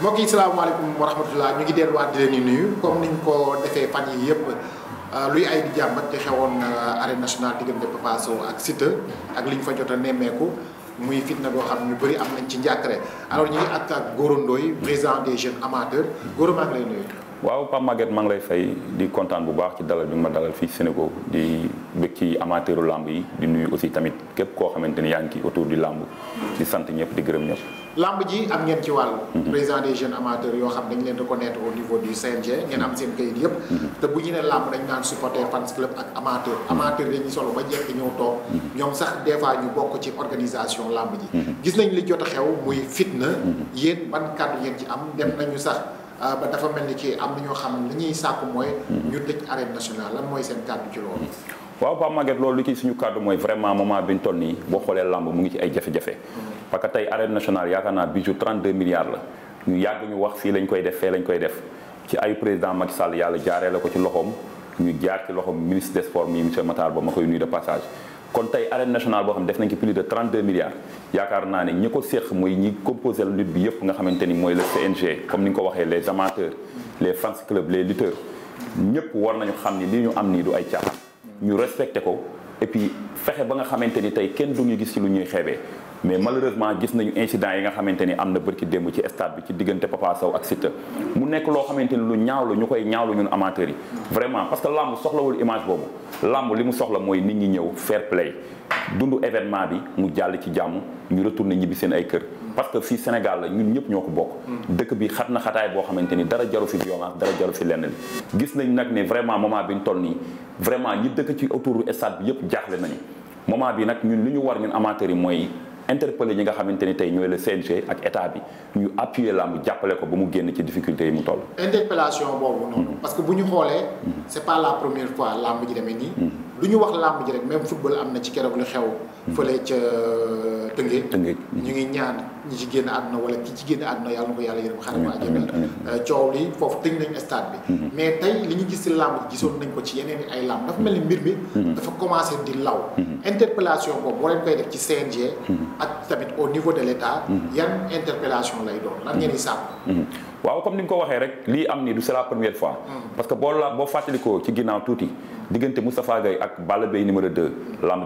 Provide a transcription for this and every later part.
mbokk yi salaamaaleykum wa rahmatullah ñu ngi delluwaat di ni di nuyu comme niñ ko defee fan yi yëpp euh, luy ay di jàmbat te xewoon euh, arène nationale diggante Papa Sow ak Siteu ak li ñu fa jot nemmeeku muy fitna boo xam ñu bëri am nañ ci njàkkare alors ñu ngi ak ak Gora Ndoye président des jeunes amateurs Gora lay nuyu. waaw Pape magget maa ngi lay fay di kontaan bu baax ci dalal bi ma dalal fii Sénégal di bëgg ci amateuru làmb yi di nuyu aussi tamit képp koo xamante ni yaa ngi autour di làmb di sant ñëpp di gërëm ñëpp. làmb ji am ngeen ci wàll. Mhm. président des jeunes amateurs yoo xam dañ leen reconnaître au niveau du CNG ngeen am seen kayit yëpp. Mhm. te bu ñu nee làmb dañ naan supporter fans club ak amateur mhm. amateur dañuy solo ba njëkk ñëw toog. ñoom sax des fois ñu bokk ci organisation làmb ji. gis nañ li jot a xew muy fitna. yéen ban kàddu ngeen ci am dem nañu sax. Euh, ba dafa mel ni ci am na ñoo xam ne li ñuy sàkku mooy. Hmm. ñu tëj arène nationale lan mooy seen kàddu ci loolu. Hmm. waaw Pape Maguette loolu li ci suñu kàddu mooy vraiment moment bi ñu toll nii boo xoolee làmb mu ngi ci ay jafe-jafe. Hmm. parce que tey nationale yaakaar naa bijou 32 milliards la ñu yàgg ñu wax fii lañ koy def fee lañ koy def ci ay président Macky Sall yàlla jaaree la ko ci loxoom ñu jaar ci loxoom ministre des sports mi monsieur Matar Ba ma koy nuyu de passage. kon tey arène nationale boo xam ne def nañ ci plus de 32 milliards yaakaar naa ne ñi ko séq muy ñi composé la bi yëpp nga xamante ni mooy le CNG comme ni nga ko waxee les amateurs les fans club les lutteurs ñëpp war nañu xam ni li ñu am nii du ay caaxaan. ñu respecté ko et puis fexe ba nga xamante ni tey kenn du ñu gis ci lu ñuy xeebee mais malheureusement gis nañu incident yi nga xamante ni am na bërki démb ci stade bi ci diggante Papa Sow ak Siteu mu nekk loo xamante ni lu ñaaw la ñu koy ñaawlu ñun amateurs yi vraiment parce que làmb soxlawul image boobu làmb li mu soxla mooy nit ñi ñëw fair play dundu événement bi mu jàll ci jàmm ñu na ñibbi seen ay kër parce que fii Sénégal la ñun ñëpp ñoo ko bokk dëkk bi xat na xataay boo xamante ni dara jaru fi violence dara jaru fi lenn li gis nañ nag ne vraiment moment bi ñu toll nii vraiment ñi dëkk ci autour stade bi yëpp jaaxle nañu bi nag ñun li ñu war ñun amateurs yi mooy interpeller ñi nga xamante ni tey ñooy le CNG ak état bi ñu appuyer làmb jàppale ko ba mu génn ci difficulté yi mu toll. interpellation boobu noonu. Mm-hmm. parce que bu ñu xoolee. Mm-hmm. c'est pas la première fois làmb ji demee nii. Mm-hmm. lu ñu wax làmb ji rek même football am na ci keroog lu xew. fële ca euh, Tëngéej. Tëngéej ñu ngi ñaan ñi ci génn na wala ki ci génn àdduna yàlla na ko yàlla yërëm xaaral ma àjjana euh, coow li foofu tëj nañ stade bi. Mm-hmm. mais tey li ñu gis si làmb gisoon nañ ko ci yeneen ay làmb dafa mel ni mbir mi. Mm-hmm. dafa commencé di law. Mm-hmm. interpellation boobu boo leen koy def ci CNG. ak tamit au niveau de l' état. yan interpellation lay doon lan ngeen di sàmm. waaw comme ni nga ko waxee rek lii am ni du c'est la première fois mm. parce que boo la boo fàttalikoo ci ginnaaw tuuti diggante Moustapha Gueye ak Balla Beye numéro 2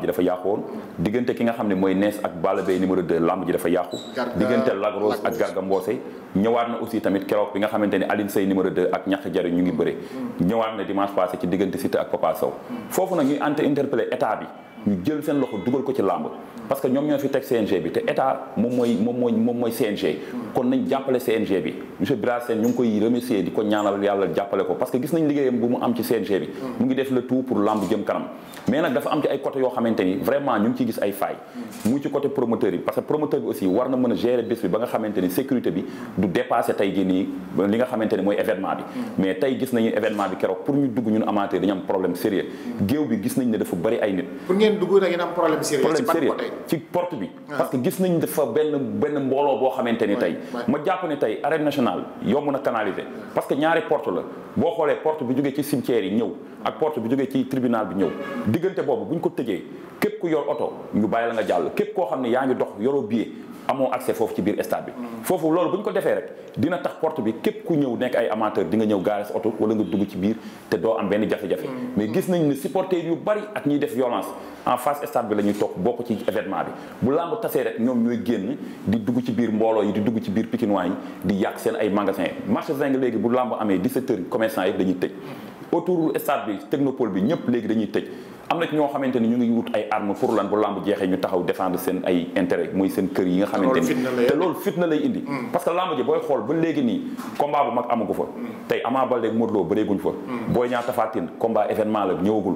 ji dafa yàqoon diggante ki nga xam ne mooy nees ak Balla Beye numéro 2 lamb ji dafa yàqu diggante Lac Rose ak Garga Mbossé ñëwaat na aussi tamit keroog bi nga xamante ni Aline Seye numéro 2 ak ñàkk jari ñu ngi bëre mm. ñëwaat na dimanche passé ci diggante Siteu ak Papa Sow mm. foofu nag ñuy ante interpellé état bi ñu jël seen loxo dugal ko ci làmb parce que ñoom ñoo fi teg CNG bi te état moom mooy moom mooy moom CNG kon nañ jàppale CNG bi monsieur Birame Sène ñu ngi koy remercier di ko ñaanal yàlla jàppale ko parce que gis nañ liggéeyam bu mu am ci CNG bi mu ngi def le tout pour làmb jëm kanam mais nag dafa am ci ay côté yoo xamante ni vraiment ñu ngi ciy gis ay failles mu ci côté promoteur bi parce que promoteur bi aussi war na mën a gérer bés bi ba nga xamante ni sécurité bi du mooy événement bi mais tey gis nañu événement bi pour ñu dugg ñun amateur dañu am problème bi gis nañ dafa bëri ay ngeen dugg da ngeen am problème sérieux problème porte bi ah. parce que gis nañ dafa benn benn mbooloo boo xamante ni tey ma jàpp ne tey arène nationale yomb na canaliser parce que ñaari porte la boo xoolee porte bi jógee ci cimetière yi ñëw ak porte bi jógee ci tribunal bi ñëw diggante boobu bu ñu ko tëjee képp ku yor oto ñu bàyyi la nga jàll képp koo xam ne yaa ngi dox yoroo bii amoo accès foofu ci biir stade bi. foofu loolu bu ñu ko defee rek dina tax porte bi képp ku ñëw nekk ay amateur di nga ñëw gaare sa oto wala nga dugg ci biir te doo am benn jafe-jafe. Mm. mais gis nañ ne supporters yu bari ak ñuy def violence en face stade bi la ñuy toog bokk ci événement bi bu làmb tasee rek ñoom ñooy génn di dugg ci biir mbooloo yi di dugg ci biir pikinois yi di yàq seen ay magasin yi. marché zinc léegi bu làmb amee 17 heures commerçant yi dañuy tëj mm. autour stade bi technopole bi ñëpp léegi dañuy tëj. am na ci ñoo xamante ni ñu ngi wut ay armes pour lan bu lamb jeexee ñu taxaw défendre seen ay intérêt mooy seen kër yi nga xamante ni te loolu fitna lay indi mm. parce que lamb ji booy xool ba léegi nii combat bu mag amagu fa mm. tey Ama Baldé ak Modou Lo bëreeguñ fa mm. Boy Niang Tapha Tine combat événement la ñëwagul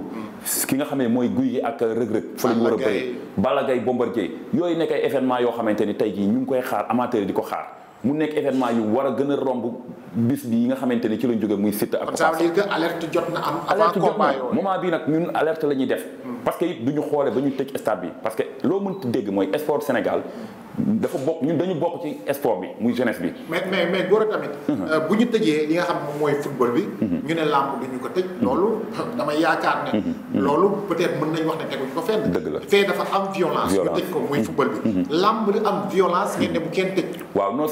ki nga xam ne mooy guy gi ak rëg-rëg fa la ñu war a bëree Balla Gaye Bombardier yooyu nekk ay événement yoo xamante ni tey jii ñu ngi koy xaar amateur yi di ko xaar mu nekk événement yu war a gën a romb bis bi yi nga xamante ni ci lañ jóge muy Siteu ak. ça veut dire que alerte jot na am. avant combat yooyu moment bi nag ñun alerte la ñuy def. Hmm. parce que it du ñu xoole ba ñu tëj stade bi parce que loo mënt dégg mooy sport Sénégal dafa bokk ñun dañu bokk ci sport bi muy jeunesse bi. mais mais mais góor a tamit. Uh-huh. Euh, bu ñu tëjee li nga xam moom mooy football bi. Uh-huh. ñu ne làmb du ñu ko tëj. Uh-huh. loolu damay yaakaar ne. loolu peut-être mun nañu wax ne teguñu ko la fee am violence. ñu tëj ko muy football bi. làmb li am violence moo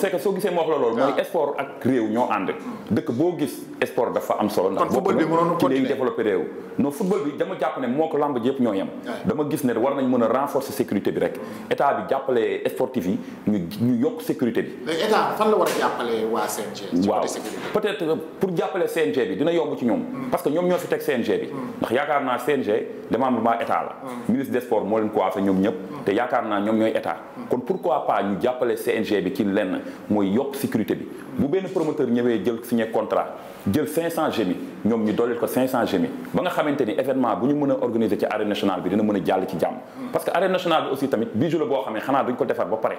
wax la loolu. mooy ah. sport ak réew ñoo ànd. dëkk boo gis sport dafa am solo. ndax football bi mënoon continué ci développé réew. non football bi dama jàpp ne moo ko làmb ji yëpp ñoo yam ah. dama gis ne war nañ mën a renforce sécurité bi rek état bi jàppale sport sportif yi ñu ñu yokk sécurité bi. léegi état fan la war a jàppale waa CNG. waaw peut-être euh, pour jàppale CNG bi dina yomb ci ñoom. Mm. parce que ñoom ñoo fi teg CNG bi. Mm. ndax yaakaar naa CNG démembrement état la. Mm. ministre des moo leen coiffé ñoom ñëpp. te yaakaar naa ñoom ñooy état. kon pourquoi pas ñu jàppale CNG bi ci lenn mooy yokk sécurité bi. bu benn promoteur ñëwee jël signé contrat jël 500 gémi ñoom ñu dolli ko 500 gémi ba nga xamante ni événement bu ñu mën a organiser ci arène nationale bi dina mën pare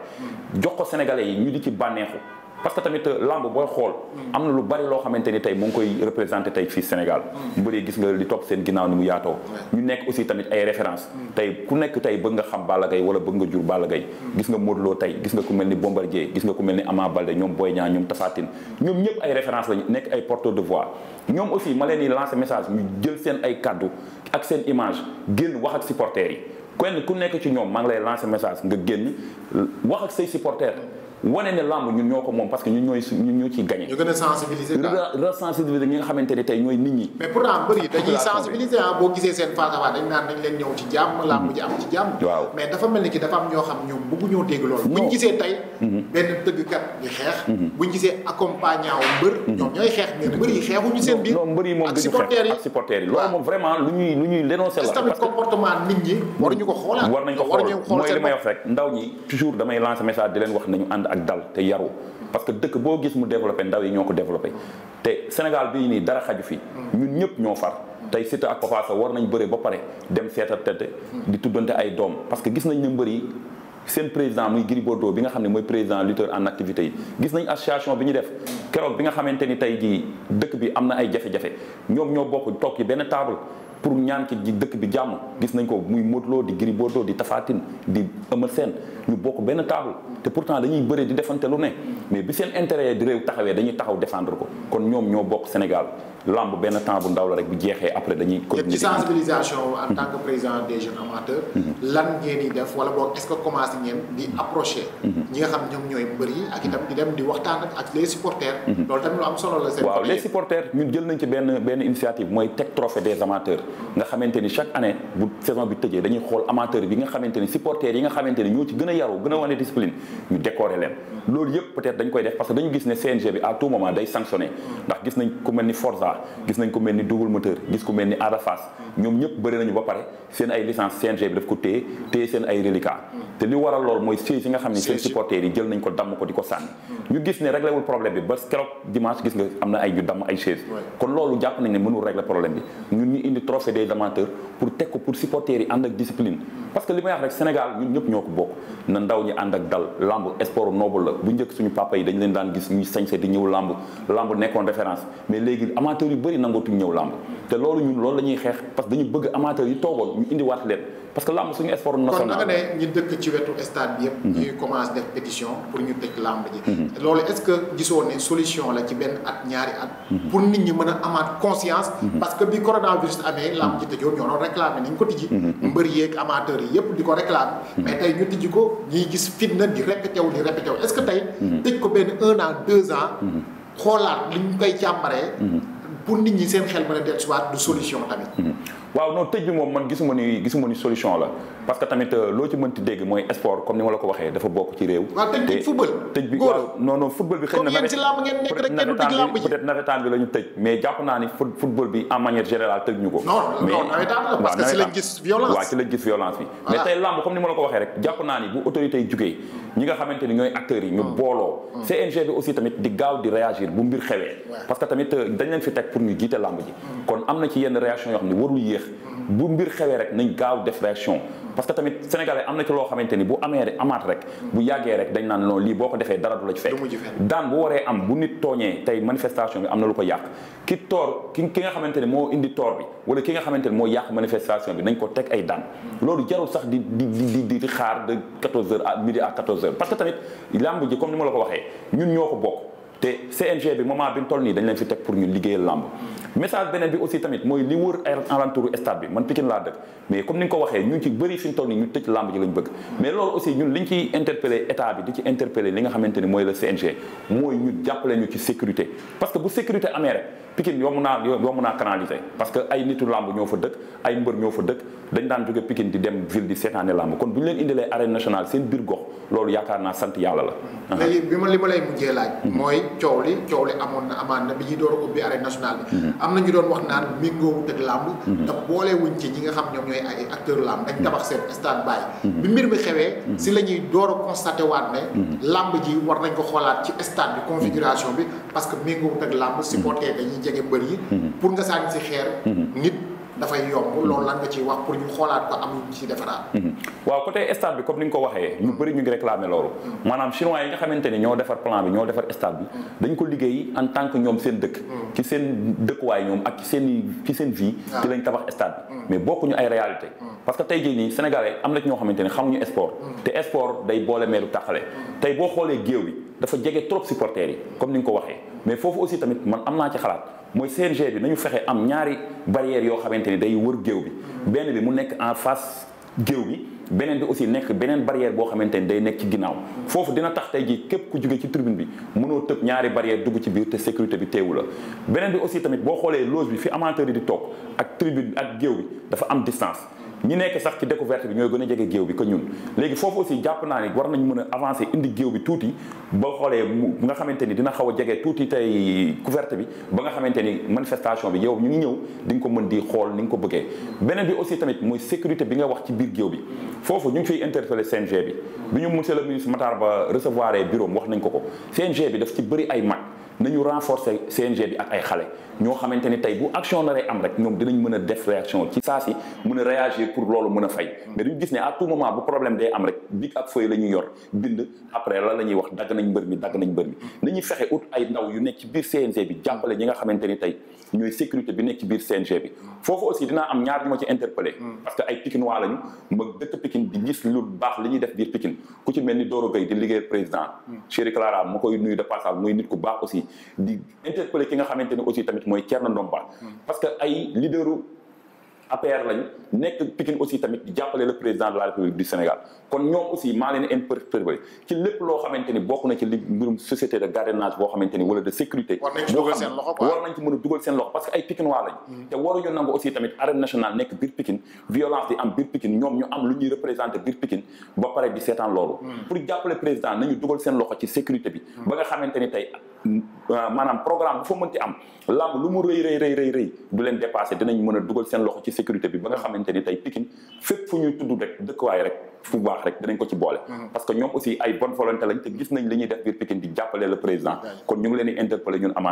jox ko sénégalais yi ñu di ci bànneexu parce que tamit euh, lamb booy xool am na lu bari loo xamante ni tey mu ngi koy représenté tey fii Sénégal ñu gis nga li topp seen ginnaaw ni mu yaatoo ñu nekk aussi tamit ay référence tey ku nekk tey bëgg nga xam Balla Gaye wala bëgg nga jur Balla Gaye gis nga Modou Lo tey gis nga ku mel ni Bombardier gis nga ku mel ni Ama Baldé ñoom Boy Niang ñoom Tapha Tine ñoom ñëpp ay référence lañu nekk ay porteur de voix ñoom aussi ma leen di lancé message ñu jël seen ay kaddu ak seen image génn wax ak supporters yi kenn ku nekk ci ñoom maa ngi lay lancer message nga génn wax ak say supporters wane ne lamb ñun ñoo ko moom parce que ñun ñooy ñun ñoo ñu nga xamante ne tey ñooy nit ñi. mais pourtant bëri dañuy sensibiliser ah boo gisee seen face dañ naan dañ leen ñëw ci jàmm mm-hmm. lamb ji am ci jàmm. waaw mais gisee tey. Mm-hmm. benn tëggkat di xeex. Mm-hmm. buñ gisee accompagnant wu mbër. ñoom ñooy xeex mais mbër yi xeexuñu seen biir. mbër yi moom ak supporters yi loolu moom vraiment lu ñuy lu ñuy dénoncer la. comportement nit ñi waruñu ko xoolaat. war nañ ko xool ak dal te yaru parce que dëkk boo gis mu développé ndaw yi ñoo ko développé te Sénégal bii nii dara xaju fi ñun ñëpp ñoo far tey Siteu ak Papa Sow war nañ bëre ba pare dem seeta tëdd di tuddante ay doom parce que gis nañ ne mbër yi seen président muy Gris Bordeaux bi nga xam ne mooy président lutteur en activité yi gis nañ association bi ñu def keroog bi nga xamante ni tey jii dëkk bi am na ay jafe-jafe ñoom ñoo bokk toog yi benn table pour ñaan ci dëkk bi jàmm gis nañ ko muy Modou Lo di Gris di Tapha di Eumeu seen ñu bokk benn table te pourtant dañuy bëre di defante lu ne mais bi seen intérêt di réew taxawee dañuy taxaw défendre ko kon ñoom ñoo bokk Sénégal lamb benn temps bu ndaw la rek bu jeexee après dañuy. continuer ci sensibilisation en mhm. tant mhm. ngeen di def wala boog est-ce que commencé ngeen di approcher. Mhm. ñi nga xam ñoom ñooy mbër ak itam di dem di waxtaan ak les supporters. loolu tamit lu am solo la seen. waaw les supporters ñun jël nañ ci benn benn initiative mooy teg trophée des amateurs. nga xamante ni chaque année bu saison bi tëjee dañuy xool amateur bi nga xamante ni yi nga xamante ñoo ci a mm. ne CNG bi à tout moment day sanctionner mm. ndax gis nañ baax gis nañ ko mel ñëpp bëri nañu ba pare seen ay licence CNG bi daf ko mooy siège yi nga xam ne seen supporters yi jël nañ ko damm ko di ko sànni ñu bi ba keroog dimanche gis nga am na ay ñu damm ay chaise kon loolu jàpp nañ ne mënul réglé problème bi ñun ñu indi trophée des amateurs pour teg ko pour supporters yi ànd ak discipline parce que li may wax rek Sénégal ñun ñëpp ñoo ko bokk na ndaw ñi ànd ak dal lamb sport noble la bu njëkk suñu papa yi dañ leen daan gis ñuy sañse di ñëw lamb lamb nekkoon référence mais léegi amateur amateurs yu bëri nangootuñ ñëw làmb te loolu ñun loolu la ñuy que dañu bëgg amateurs yi toogoon ñu indiwaat leen que làmb suñu sport national. kon nga ne ñu dëkk ci wetu stade bi yëpp. Mhm. ñuy commencé def pétition ñu mhm. est-ce que gisoo ne solution la ci benn at ñaari at. Mhm. pour nit ñi mën a amaat conscience. parce que bi coronavirus amee làmb ji tëjoon ñoo doon réclamé nañ ko tijji. mbër yeeg amateurs yi yëpp di ko réclamé. mais tey ñu tijji ko ñuy gis fitna di répété di répété est-ce que tey. tëj ko benn un an xoolaat li ñu koy càmbaree. pour nit ñi seen xel mën a dellusiwaat du solution tamit. Mm-hmm. waaw non tëj bi moom man gisuma ni gisuma ni solution la parce que tamit euh, loo ci mënti dégg mooy sport comme ni ma la ko waxee dafa bokk ci réew. tëj bi waaw non non football bi. xëy na nawet peut-être bi la ñu tëj mais jàpp naa ni football bi en manière générale tëj ko. non non la parce tey làmb comme ni ma la ko waxee rek jàpp naa ni bu autorité yi ñi nga xamante ni ñooy acteurs yi ñu hmm. booloo. Hmm. CNG bi aussi tamit di gaaw di réagir bu mbir xewee. parce que tamit euh, dañ leen fi teg pour ñu jiite làmb ji hmm. kon am na ci yenn réaction yoo xam bu mbir xewee rek nañ gaaw def réaction parce que tamit sénégalais am na ci loo xamante ni bu amee rek amaat rek bu yàggee rek dañ naan non lii boo ko defee dara du la ci daan bu waree am bu nit tooñee tey manifestation bi am na lu ko yàq ki toor ki ki nga xamante moo indi toor bi wala ki nga xamante ni moo yàq manifestation bi nañ ko teg ay daan loolu jarul sax di di di xaar de 14 heures à midi à 14 heures parce que tamit làmb ji te CNG bi moment bi mu toll nii dañ leen fi teg pour ñu liggéeyal làmb message beneen bi aussi tamit mooy li wër alentour stade bi man Pikine laa dëkk mais comme ni nga ko waxee ñu ci bëri fi mu nii ñu tëj làmb ji lañ bëgg mais loolu aussi ñun liñ ciy interpellé état bi di ci interpellé li nga xamante ni mooy le CNG mooy ñu jàppale ñu ci sécurité parce que bu sécurité amee rek Pikine yomb naa yomb naa canaliser parce que ay nitu làmb ñoo fa dëkk ay mbër ñoo fa dëkk dañ daan jóge Pikine di dem ville di seetaane làmb kon bu ñu leen indilee arène nationale seen biir gox loolu yaakaar naa sant yàlla la. bi ma li ma lay mujjee laaj. mooy coow li coow li amoon na amaan na bi ñuy door ubbi arène nationale mhm. na ñu doon wax naan méngoowut ak làmb. Mhm. te boolewuñ ci ñi nga xam ñoom ñooy ay làmb dañ mhm. tabax seen stade bàyyi. bi mbir mi xewee. si la ñuy door a constaté waat ne. làmb ji war nañ ko xoolaat ci stade bi bi parce que méngoowut ak làmb supporter jege mbër yi. Mhm. pour nga sànni si xeer. Mhm. nit dafay yomb mhm. loolu lan nga ciy wax pour ñu xoolaat ko am ci defaraat. waaw côté stade bi comme ni nga ko waxee ñu bëri ñu ngi réclamer loolu. maanaam chinois yi nga xamante ne ñoo defar plan bi ñoo defar stade bi. ko liggéey en tant que ñoom seen dëkk. ci seen dëkkuwaay ñoom ak ci seen ci seen vie. Ah. ci lañ tabax stade mais bokkuñu ay réalité parce que tey jii nii sénégalais am na ñoo xamante ne xamuñu sport. te sport boole meelu tàqale. tey boo xoolee géew bi dafa jege trop yi comme ni nga ko waxee mais foofu aussi tamit man am naa ci xalaat mooy CNG bi nañu fexe am ñaari barrières yoo xamante ni day wër géew bi benn bi mu nekk en face géew bi beneen bi aussi nekk beneen barrière boo xamante ni day nekk ci ginnaaw foofu dina tax tey jii képp ku jóge ci tribune bi mënoo tëb ñaari barrière dugg ci biir te sécurité bi teewu la beneen bi aussi tamit boo xoolee loge bi fi amateur yi di toog ak tribune ak géew bi dafa am distance ñi nekk sax ci découverte bi ñooy gën a jege géew bi que ñun léegi foofu aussi jàpp naa ne war nañ mën a avancer indi géew bi tuuti ba xoolee mu nga xamante ni dina xaw a jege tuuti tey couverte bi ba nga xamante ni manifestation bi yow ñu ngi ñëw di ko mën di xool ni nga ko bëggee beneen bi aussi tamit mooy sécurité bi nga wax ci biir géew bi foofu ñu ngi fiy interpellé CNG bi bi ñu monsieur le ministre Matar Ba recevoir bureau wax nañ ko ko CNG bi ci bëri ay mag nañu renforcer CNG bi ak ay xale ñoo xamante ni tey bu action naree am rek ñoom dinañ mën a def réaction ci saa si mën a réagir pour loolu mën a fay mais duñu gis ne à tout moment bu problème day am rek big ak feuille la yor bind après la la ñuy wax dagg nañ mbër mi dagg nañ mbër mi nañuy fexe ut ay ndaw yu nekk ci biir CNG bi jàppale ñi nga xamante ni tey ñooy sécurité bi nekk ci biir CNG bi foofu aussi dinaa am ñaar ñu ci interpellé hmm. parce que ay Pikinois lañu ma dëkk Pikine lu baax li ñuy def biir Pikine ku ci mel ni Doro Gueye di liggéey président hmm. Chéri Clara ma koy nuyu de passage muy nit ku baax aussi aussi di interpeller ki nga xamante ne aussi tamit mooy Thierno Ndomba. parce que ay leaderu APR lañ nekk Pikine aussi tamit di jàppale le président de la République du Sénégal kon ñoom aussi maa leen interpellé ci lépp loo xamante ni na ci li mbirum société de gardiennage boo xamante ni wala de sécurité. war nañ ci dugal seen loxo war nañ ci mën a dugal seen loxo parce que ay Pikinois lañ. Mm. te waruñu nangu aussi tamit arène nationale nekk biir Pikine violence di am biir Pikine ñoom ñu am lu ñuy représenté biir Pikine ba pare di seetaan loolu. Mm. pour jàppale seen loxo ci sécurité bi. Mm. ba nga Euh, maanaam programme bu fa mënti am lamb lu mu rëy rëy rëy rëy rëy du leen dépassé dinañ mën a dugal seen loxo ci sécurité bi ba nga xamante ni tey Pikine fépp fu ñuy tudd rek dëkkuwaay rek pouvoir rek dinañ ko ci boole parce que ñoom aussi ay bonne volonté lañ te gis nañ li def biir Pikine ñu ngi leen di a mm.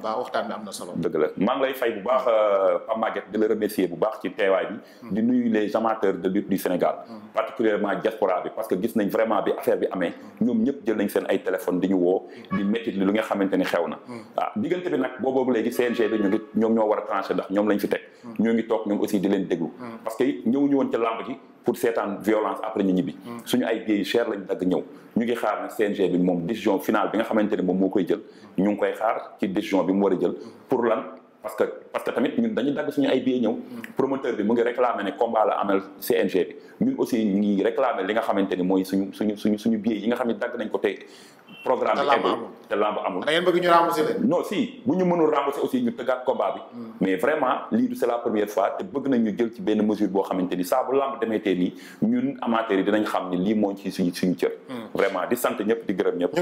baax waxtaan bu baax euh, Pape Maguette di bi mm. di nuyu les amateurs de lutte du Sénégal mm. particulièrement diaspora parce que gis nañ vraiment bi affaire bi amee ñoom ñëpp jël nañ seen ay téléphone di ñu woo di métti li lu nga na ah diggante bi nag booboobu léegi a tranché lañ fi teg ñoo ngi toog ñoom aussi di leen déglu que ñëwuñu woon ca làmb ji pour seetaan violence après ñu ñibbi. Mm. suñu ay billets cher lañ dagg ñëw ñu ngi xaar nag CNG bi moom décision finale bi nga xamante ne moom moo koy jël mm. ñu ngi koy xaar ci décision bi mu war a jël mm. pour lan parce que parce que tamit ñun dañu dagg suñu ay billets ñëw promoteur bi mu ngi réclamer ne combat la amel CNG bi ñun aussi ñu ngi réclamer li nga xamante ni mooy suñu suñu suñu suñu billets yi nga xam ne dagg nañ ko te programme bi te lamb amul. da ngeen ñu rembourser leen. si bu ñu mënul rembourser aussi ñu tëggaat combat bi. Mm. mais vraiment lii du c'est la première fois te bëgg nañ ñu jël ci benn mesure boo xamante ni saa bu lamb demee tee nii ñun amateurs yi dinañ xam ni lii moo ci suñu suñu cër. Mm. vraiment di sant ñëpp di gërëm ñëpp.